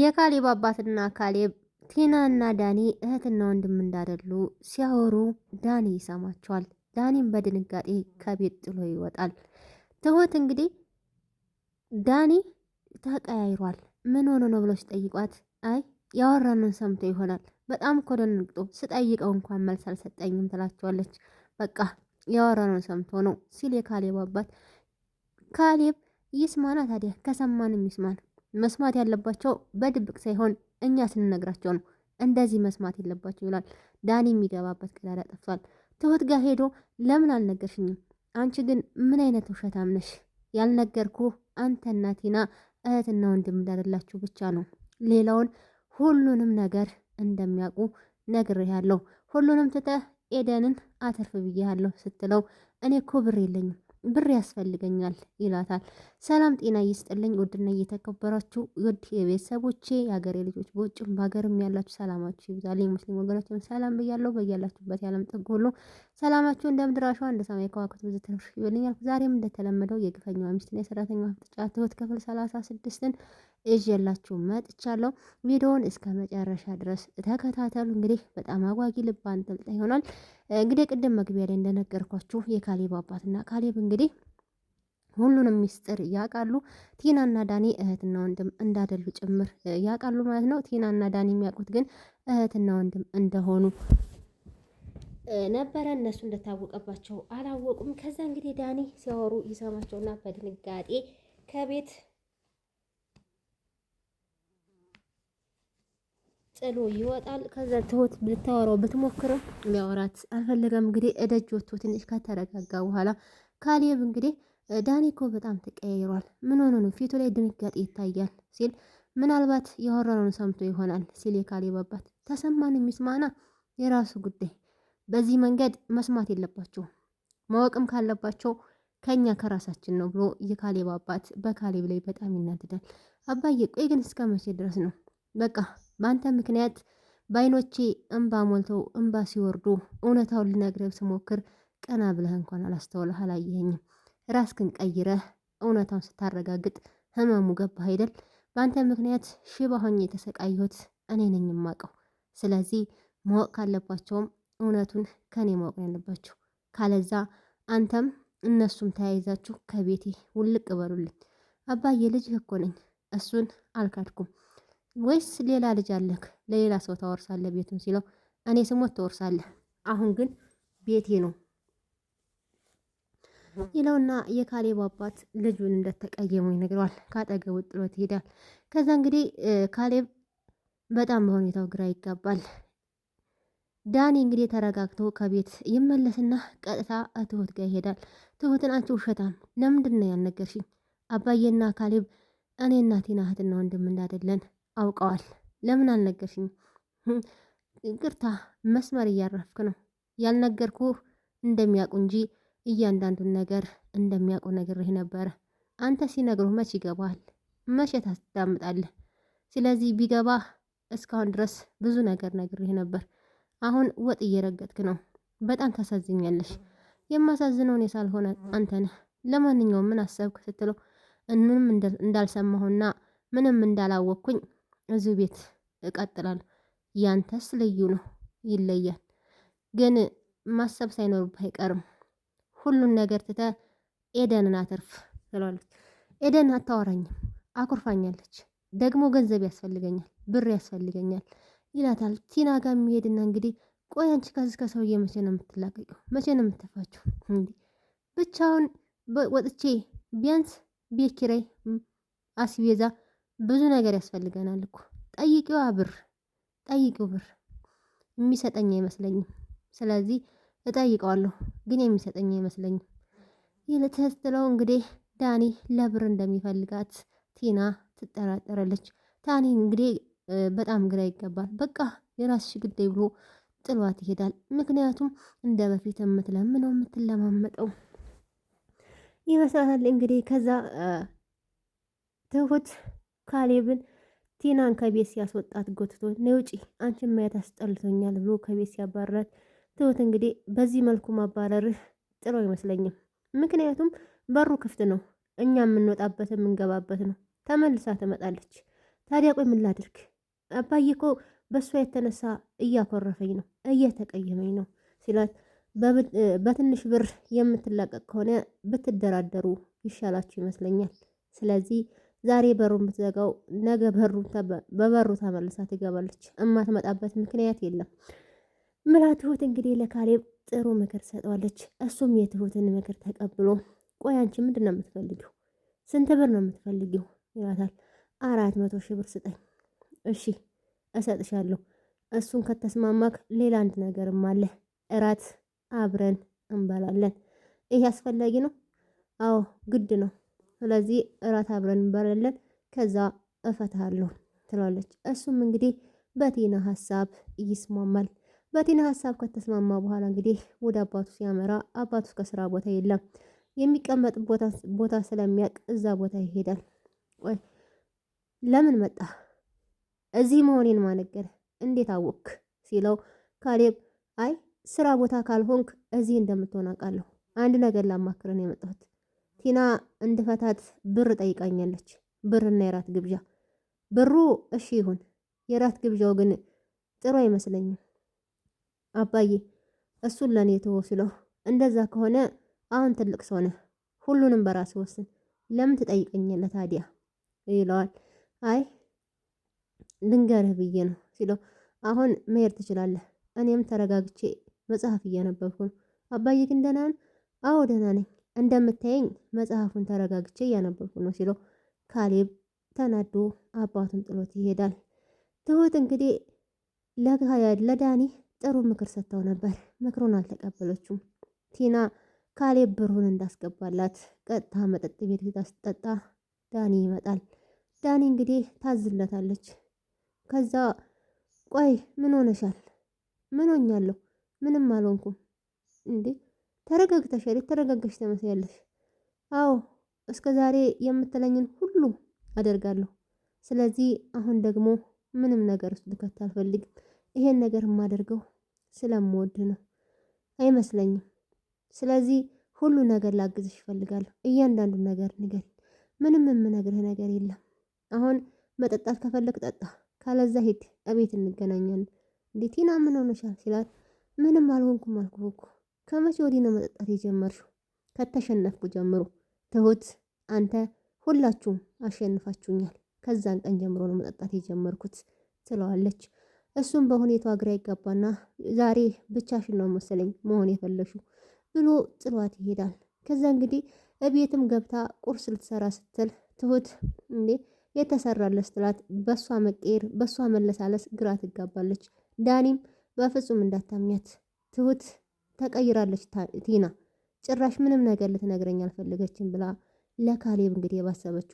የካሌብ አባትና ካሌብ ቲና እና ዳኒ እህትና ወንድም እንዳደሉ ሲያወሩ ዳኒ ይሰማቸዋል። ዳኒም በድንጋጤ ከቤት ጥሎ ይወጣል። ትሁት እንግዲህ ዳኒ ተቀያይሯል። ምን ሆኖ ነው ብሎ ሲጠይቋት አይ ያወራንን ሰምቶ ይሆናል በጣም እኮ ደንግጦ ስጠይቀው እንኳን መልስ አልሰጠኝም ትላቸዋለች። በቃ ያወራንን ሰምቶ ነው ሲል የካሌብ አባት ካሌብ ይስማና ታዲያ ከሰማንም ይስማን መስማት ያለባቸው በድብቅ ሳይሆን እኛ ስንነግራቸው ነው። እንደዚህ መስማት የለባቸው ይላል ዳኒ። የሚገባበት ቀዳዳ ጠፍቷል። ትሁት ጋር ሄዶ ለምን አልነገርሽኝም? አንቺ ግን ምን አይነት ውሸታም ነሽ? ያልነገርኩ አንተና ቲና እህትና ወንድም እንዳደላችሁ ብቻ ነው። ሌላውን ሁሉንም ነገር እንደሚያውቁ ያለው ሁሉንም ትተህ ኤደንን አተርፍ ብዬሃለሁ ስትለው እኔ እኮ ብር የለኝም ብር ያስፈልገኛል ይላታል። ሰላም ጤና ይስጥልኝ ውድና እየተከበራችሁ ውድ የቤተሰቦቼ የሀገሬ ልጆች በውጭም በሀገርም ያላችሁ ሰላማችሁ ይብዛል። ሙስሊም ወገኖችን ሰላም ብያለሁ። በያላችሁበት የዓለም ጥግ ሁሉ ሰላማችሁ እንደ ምድር አሸዋ እንደ ሰማይ ከዋክብት ብዙ ትንሽ ይበልኛል። ዛሬም እንደተለመደው የግፈኛዋ ሚስትና የሰራተኛ ፍጥጫ ትሁት ክፍል ሰላሳ ስድስትን ይዤላችሁ መጥቻለሁ። ቪዲዮውን እስከ መጨረሻ ድረስ ተከታተሉ። እንግዲህ በጣም አጓጊ ልብ አንጠልጣይ ይሆናል። እንግዲህ ቅድም መግቢያ ላይ እንደነገርኳችሁ የካሌብ አባትና ካሌብ እንግዲህ ሁሉንም ሚስጥር ያውቃሉ። ቲናና ዳኒ እህትና ወንድም እንዳደሉ ጭምር ያውቃሉ ማለት ነው። ቲናና ዳኒ የሚያውቁት ግን እህትና ወንድም እንደሆኑ ነበረ። እነሱ እንደታወቀባቸው አላወቁም። ከዛ እንግዲህ ዳኒ ሲያወሩ ይሰማቸውና በድንጋጤ ከቤት ጥሎ ይወጣል። ከዛ ትሁት ብታወራው ብትሞክርም ሊያወራት አልፈለገም። እንግዲህ እደጅ ወጥቶ ትንሽ ከተረጋጋ በኋላ ካሌብ እንግዲህ ዳኒ እኮ በጣም ተቀያይሯል፣ ምን ሆኖ ነው ፊቱ ላይ ድንጋጤ ይታያል ሲል ምናልባት ያወራነውን ሰምቶ ይሆናል ሲል የካሌብ አባት ተሰማን የሚስማና የራሱ ጉዳይ በዚህ መንገድ መስማት የለባቸው ማወቅም ካለባቸው ከኛ ከራሳችን ነው ብሎ የካሌብ አባት በካሌብ ላይ በጣም ይናደዳል። አባዬ ቆይ ግን እስከ መቼ ድረስ ነው በቃ በአንተ ምክንያት በአይኖቼ እምባ ሞልተው እምባ ሲወርዱ እውነታውን ልነግረብ ስሞክር ቀና ብለህ እንኳን አላስተውለህ አላየኸኝም። ራስክን ቀይረህ እውነታውን ስታረጋግጥ ህመሙ ገባህ አይደል? በአንተ ምክንያት ሽባ ሆኜ የተሰቃየሁት እኔ ነኝ የማውቀው። ስለዚህ ማወቅ ካለባቸውም እውነቱን ከእኔ ማወቅ ያለባቸው ካለዛ አንተም እነሱም ተያይዛችሁ ከቤቴ ውልቅ በሉልኝ። አባዬ ልጅህ እኮ ነኝ እሱን አልካድኩም ወይስ ሌላ ልጅ አለክ ለሌላ ሰው ታወርሳለህ ቤቱን ሲለው እኔ ስሞት ትወርሳለህ፣ አሁን ግን ቤቴ ነው ይለውና የካሌብ አባት ልጁን እንደተቀየሙ ይነግረዋል። ካጠገቡ ጥሎት ይሄዳል። ከዛ እንግዲህ ካሌብ በጣም በሁኔታው ግራ ይጋባል። ዳኒ እንግዲህ ተረጋግቶ ከቤት ይመለስና ቀጥታ ትሁት ጋር ይሄዳል። ትሁትን አንቺ ውሸታም ለምንድን ነው ያልነገርሽኝ? አባዬና ካሌብ እኔ እናቴና እህትና ወንድም እንዳደለን አውቀዋል። ለምን አልነገርሽኝ? ይቅርታ መስመር እያረፍክ ነው። ያልነገርኩ እንደሚያውቁ እንጂ እያንዳንዱን ነገር እንደሚያውቁ ነግሬህ ነበረ። አንተ ሲነግሩህ መች ይገባል መቼ ታዳምጣለህ ስለዚህ ቢገባ እስካሁን ድረስ ብዙ ነገር ነግሬህ ነበር። አሁን ወጥ እየረገጥክ ነው። በጣም ታሳዝኛለሽ። የማሳዝነው እኔ ሳልሆነ አንተ ነህ። ለማንኛውም ምን አሰብክ ስትለው እንም እንዳልሰማሁና ምንም እንዳላወቅኩኝ እዚ ቤት እቀጥላለሁ። ያንተስ ልዩ ነው ይለያል። ግን ማሰብ ሳይኖርብህ አይቀርም። ሁሉን ነገር ትተ ኤደንን አትርፍ ትለዋለች። ኤደን አታወራኝም አኩርፋኛለች ደግሞ ገንዘብ ያስፈልገኛል ብር ያስፈልገኛል ይላታል። ቲና ጋር የሚሄድና እንግዲህ ቆይ አንቺ ከዚህ ከሰውዬ መቼ ነው የምትላቀቂው? መቼ ነው የምትፋችው? እንዴ ብቻውን ወጥቼ ቢያንስ ቤት ኪራይ አስቤዛ ብዙ ነገር ያስፈልገናል እኮ ጠይቂዋ ብር ጠይቂው ብር የሚሰጠኝ አይመስለኝም። ስለዚህ እጠይቀዋለሁ ግን የሚሰጠኝ አይመስለኝም። ይልትስትለው እንግዲህ ዳኒ ለብር እንደሚፈልጋት ቲና ትጠራጠራለች። ታኒ እንግዲህ በጣም ግራ ይገባል። በቃ የራስሽ ሽግዳይ ብሎ ጥሏት ይሄዳል። ምክንያቱም እንደ በፊት የምትለምነው የምትለማመጠው ይመስላታል። እንግዲህ ከዛ ትሁት ካሌብን ቲናን ከቤት ሲያስወጣት ጎትቶ ነይ ውጪ፣ አንቺን ማየት አስጠልቶኛል ብሎ ከቤት ሲያባረራት ትሁት እንግዲህ በዚህ መልኩ ማባረርህ ጥሩ አይመስለኝም። ምክንያቱም በሩ ክፍት ነው፣ እኛ የምንወጣበት የምንገባበት ነው። ተመልሳ ትመጣለች። ታዲያ ቆይ ምን ላድርግ? አባዬ እኮ በእሷ የተነሳ እያኮረፈኝ ነው፣ እየተቀየመኝ ነው ሲላት በትንሽ ብር የምትላቀቅ ከሆነ ብትደራደሩ ይሻላችሁ ይመስለኛል። ስለዚህ ዛሬ በሩን ብትዘጋው ነገ በበሩ ተመልሳ ትገባለች። እማትመጣበት ምክንያት የለም። ምላ ትሁት እንግዲህ ለካሌብ ጥሩ ምክር ሰጠዋለች። እሱም የትሁትን ምክር ተቀብሎ ቆይ አንቺ ምንድን ነው የምትፈልጊው? ስንት ብር ነው የምትፈልጊው? ይላታል። አራት መቶ ሺህ ብር ስጠኝ። እሺ እሰጥሻለሁ። እሱን ከተስማማክ ሌላ አንድ ነገርም አለ። እራት አብረን እንበላለን። ይሄ አስፈላጊ ነው። አዎ ግድ ነው። ስለዚህ እራት አብረን እንበላለን ከዛ እፈታሃለሁ ትላለች እሱም እንግዲህ በቲና ሀሳብ ይስማማል። በቲና ሀሳብ ከተስማማ በኋላ እንግዲህ ወደ አባቱ ሲያመራ አባቱ ከስራ ቦታ የለም። የሚቀመጥ ቦታ ስለሚያውቅ እዛ ቦታ ይሄዳል። ለምን መጣ? እዚህ መሆኔን ማነገር እንዴት አወክ? ሲለው ካሌብ አይ ስራ ቦታ ካልሆንክ እዚህ እንደምትሆን አውቃለሁ። አንድ ነገር ላማክረን የመጣሁት ቲና እንድፈታት ብር ጠይቃኛለች። ብርና የራት ግብዣ ብሩ እሺ ይሁን፣ የራት ግብዣው ግን ጥሩ አይመስለኝም። አባዬ እሱን ለእኔ ተወው እንደዛ ከሆነ አሁን ትልቅ ሰው ነህ፣ ሁሉንም በራስ ወስን፣ ለምን ትጠይቀኛለህ ታዲያ ይለዋል። አይ ልንገርህ ብዬ ነው ሲለው አሁን መሄድ ትችላለህ። እኔም ተረጋግቼ መጽሐፍ እያነበብኩ ነው። አባዬ ግን ደህና ነህ? አዎ ደህና ነኝ። እንደምታየኝ መጽሐፉን ተረጋግቼ እያነበብኩ ነው ሲለው ካሌብ ተናዶ አባቱን ጥሎት ይሄዳል። ትሁት እንግዲህ ለዳኒ ጥሩ ምክር ሰጥተው ነበር። ምክሩን አልተቀበለችም። ቲና ካሌብ ብሩን እንዳስገባላት ቀጥታ መጠጥ ቤት ስጠጣ ዳኒ ይመጣል። ዳኒ እንግዲህ ታዝለታለች። ከዛ ቆይ ምን ሆነሻል? ምን ሆኛለሁ? ምንም አልሆንኩም እንዴ ተረጋግተሻል። የተረጋጋሽ ትመስያለሽ። አዎ እስከ ዛሬ የምትለኝን ሁሉ አደርጋለሁ። ስለዚህ አሁን ደግሞ ምንም ነገር ውስጥ ልከት አልፈልግም። ይሄን ነገር የማደርገው ስለምወድ ነው አይመስለኝም። ስለዚህ ሁሉ ነገር ላግዝሽ እፈልጋለሁ። እያንዳንዱ ነገር ንገሪ። ምንም የምነግርህ ነገር የለም። አሁን መጠጣት ከፈለግ ጠጣ፣ ካለዛ ሂድ። እቤት እንገናኛለን። እንዴ ቲና ምን ሆነሻል? ሲላት ምንም አልሆንኩም አልኩህ እኮ ከመቼ ወዲህ ነው መጠጣት የጀመርሽው? ከተሸነፍኩ ጀምሮ ትሁት፣ አንተ፣ ሁላችሁም አሸንፋችሁኛል። ከዛን ቀን ጀምሮ ነው መጠጣት የጀመርኩት ትለዋለች። እሱም በሁኔታዋ ግራ ይጋባና ዛሬ ብቻሽን ነው መሰለኝ መሆን የፈለሹ ብሎ ጥሏት ይሄዳል። ከዛ እንግዲህ እቤትም ገብታ ቁርስ ልትሰራ ስትል ትሁት እንዴ የተሰራለስ ትላት። በሷ መቀየር በሷ መለሳለስ ግራ ትጋባለች። ዳኒም በፍጹም እንዳታምኛት ትሁት ተቀይራለች ቲና ጭራሽ ምንም ነገር ልትነግረኝ አልፈለገችም ብላ ለካሌብ እንግዲህ የባሰበችው